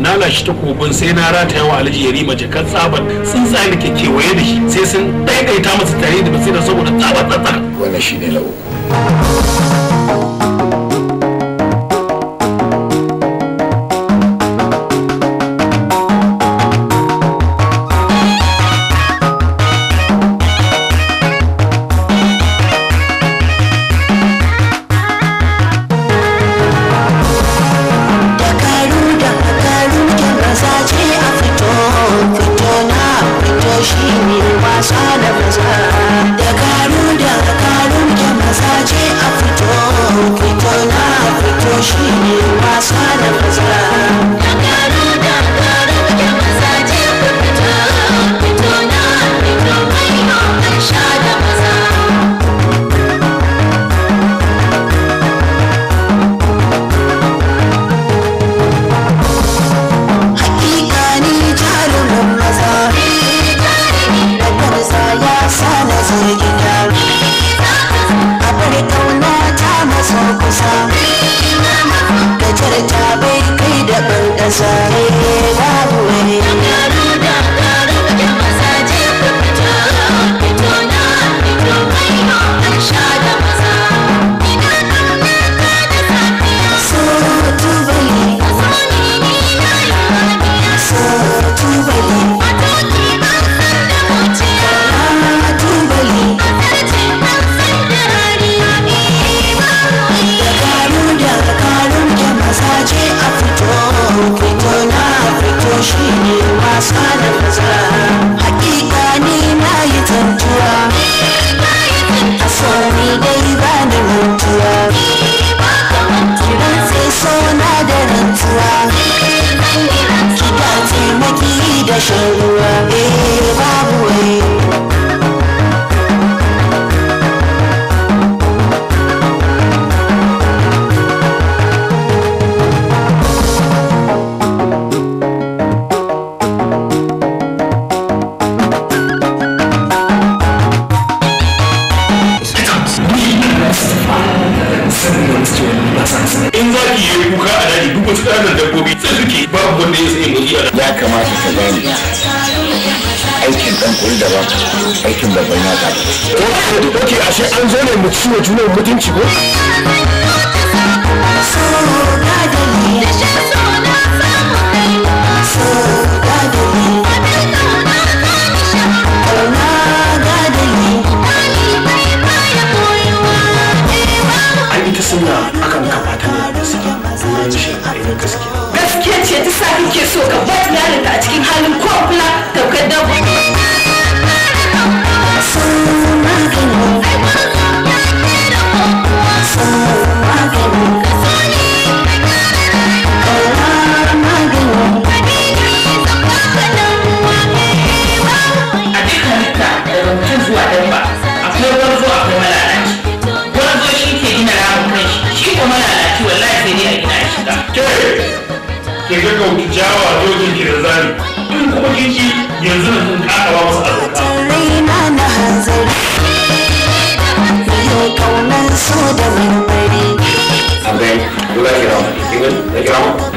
Na lashe takobin sai na rataya wa alji yari mace kan tsabar tsuntsaye da ke kewaye da shi sai sun ɗaiɗaita masa tare da basira saboda tsabar tsatsar. Wannan shi ne la'uku. shi ne wasa da in za ki yi kuka a daji duk wasu ƙananan dabbobi sai suke babu wanda ya sai motsi a ya kamata ka gani aikin dan kuri daban aikin babban ya gaba. Oke, ashe an zo ne mu ciwo junan mutunci ko? kake so ka bar yarinka a cikin halin ko kula tamkar shiga kyawawa jawa dokin ki da zani in kuma kinki yanzu na kun kaka ba musu azurfa Abel, tú la quiero. ¿Quién la quiero?